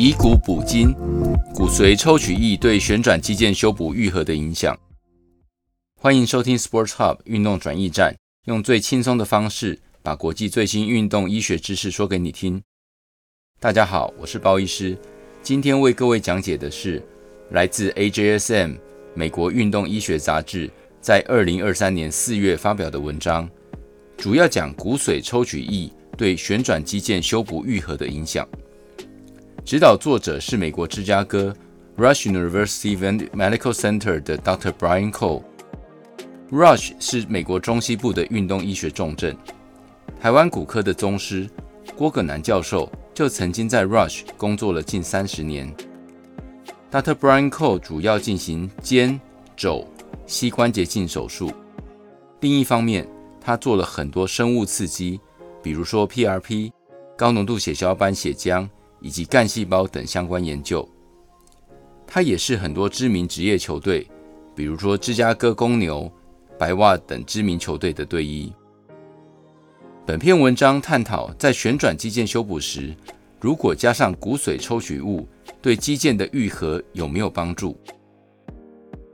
以骨補筋，骨髓抽取液對旋轉肌腱修補癒合的影響。歡迎收聽 Sports Hub 運動轉驛站，用最輕鬆的方式把國際最新運動醫學知識說給你聽。大家好，我是包醫師，今天為各位講解的是來自 AJSM 美國運動醫學雜誌在2023年4月發表的文章，主要講骨髓抽取液對旋轉肌腱修補癒合的影響。指導作者是美國芝加哥 Rush University Medical Center 的 Dr. Brian Cole。Rush 是美國中西部的運動醫學重鎮，台灣骨科的宗師郭葛南教授就曾經在 Rush 工作了近三十年。Dr. Brian Cole 主要進行肩、肘、膝關節鏡手術，另一方面，他做了很多生物刺激，比如說 PRP 高濃度血小板血漿。以及幹細胞等相關研究，它也是很多知名職業球隊，比如說芝加哥公牛、白襪等知名球隊的隊醫。本篇文章探討，在旋轉肌腱修補時，如果加上骨髓抽取物，對肌腱的癒合有沒有幫助？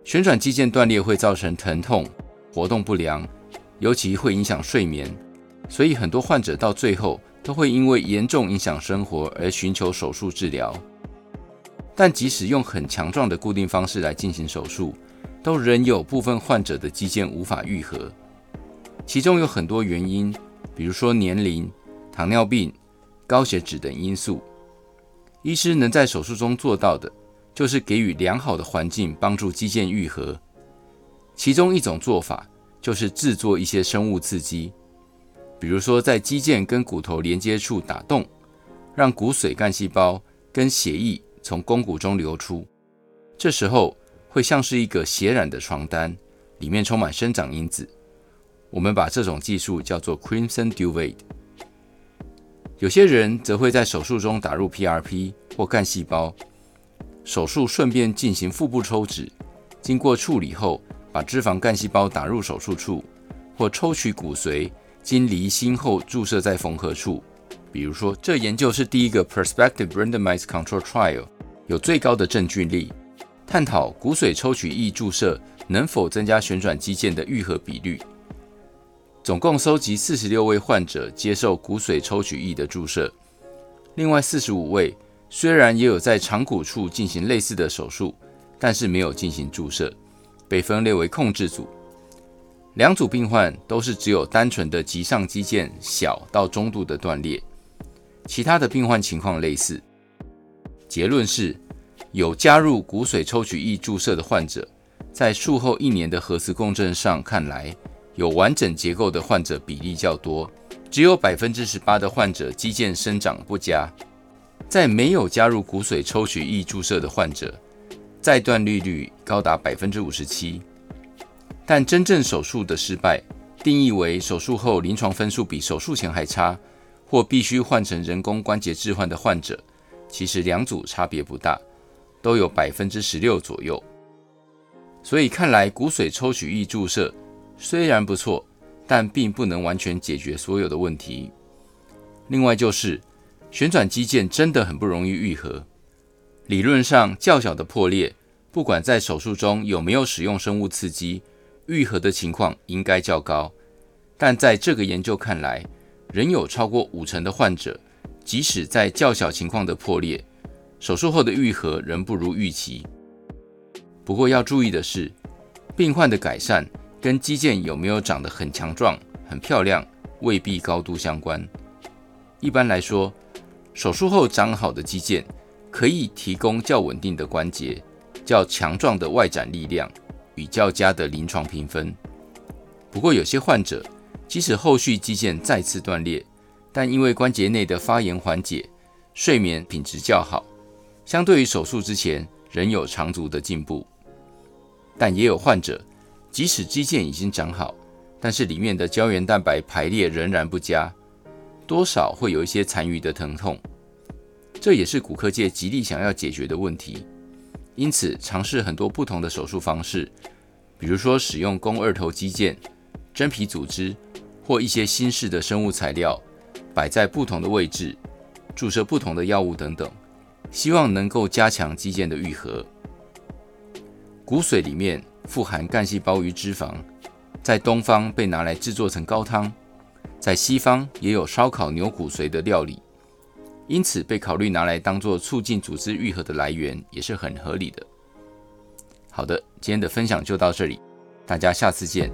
旋轉肌腱斷裂會造成疼痛、活動不良，尤其會影響睡眠，所以很多患者到最後。都會因為嚴重影響生活而尋求手術治療，但即使用很強壯的固定方式來進行手術，都仍有部分患者的肌腱無法愈合，其中有很多原因，比如說年齡、糖尿病、高血脂等因素。醫師能在手術中做到的，就是給予良好的環境幫助肌腱愈合，其中一種做法就是制作一些生物刺激。比如說，在肌腱跟骨頭連接處打洞，讓骨髓幹細胞跟血液從肱骨中流出。這時候會像是一個血染的床單，裡面充滿生長因子。我們把這種技術叫做 Crimson Duvet。有些人則會在手術中打入 PRP 或幹細胞，手術順便進行腹部抽脂，經過處理後把脂肪幹細胞打入手術處，或抽取骨髓。經離心後注射在縫合處，比如說，這研究是第一個 prospective randomized control trial，有最高的證據力，探討骨髓抽取液注射能否增加旋轉肌腱的癒合比率。總共收集四十六位患者接受骨髓抽取液的注射，另外四十五位雖然也有在長骨處進行類似的手術，但是沒有進行注射，被分類為控制組。兩組病患都是只有單純的棘上肌腱小到中度的斷裂，其他的病患情況類似。結論是，有加入骨髓抽取液注射的患者，在術後一年的核磁共振上看來，有完整結構的患者比例較多，只有百分之十八的患者肌腱生長不佳。在沒有加入骨髓抽取液注射的患者，再斷率率高達百分之五十七。但真正手術的失敗定義為手術後臨床分數比手術前還差，或必須換成人工關節置換的患者，其實兩組差別不大，都有百分之十六左右。所以看來骨髓抽取液注射雖然不錯，但並不能完全解決所有的問題。另外就是旋轉肌腱真的很不容易癒合，理論上較小的破裂，不管在手術中有沒有使用生物刺激。癒合的情況應該較高，但在這個研究看來，仍有超過五成的患者，即使在較小情況的破裂，手術後的癒合仍不如預期。不過要注意的是，病患的改善跟肌腱有沒有長得很強壯、很漂亮，未必高度相關。一般來說，手術後長好的肌腱可以提供較穩定的關節、較強壯的外展力量。與較佳的臨床評分。不過，有些患者即使後續肌腱再次斷裂，但因為關節內的發炎緩解，睡眠品質較好，相對於手術之前仍有長足的進步。但也有患者即使肌腱已經長好，但是裡面的膠原蛋白排列仍然不佳，多少會有一些殘餘的疼痛。這也是骨科界極力想要解決的問題。因此，嘗試很多不同的手術方式，比如說使用肱二頭肌腱、真皮組織或一些新式的生物材料，擺在不同的位置，注射不同的藥物等等，希望能夠加強肌腱的癒合。骨髓裡面富含幹細胞與脂肪，在東方被拿來製作成高湯，在西方也有燒烤牛骨髓的料理。因此，被考慮拿來當做促進組織癒合的來源，也是很合理的。好的，今天的分享就到這裡，大家下次見。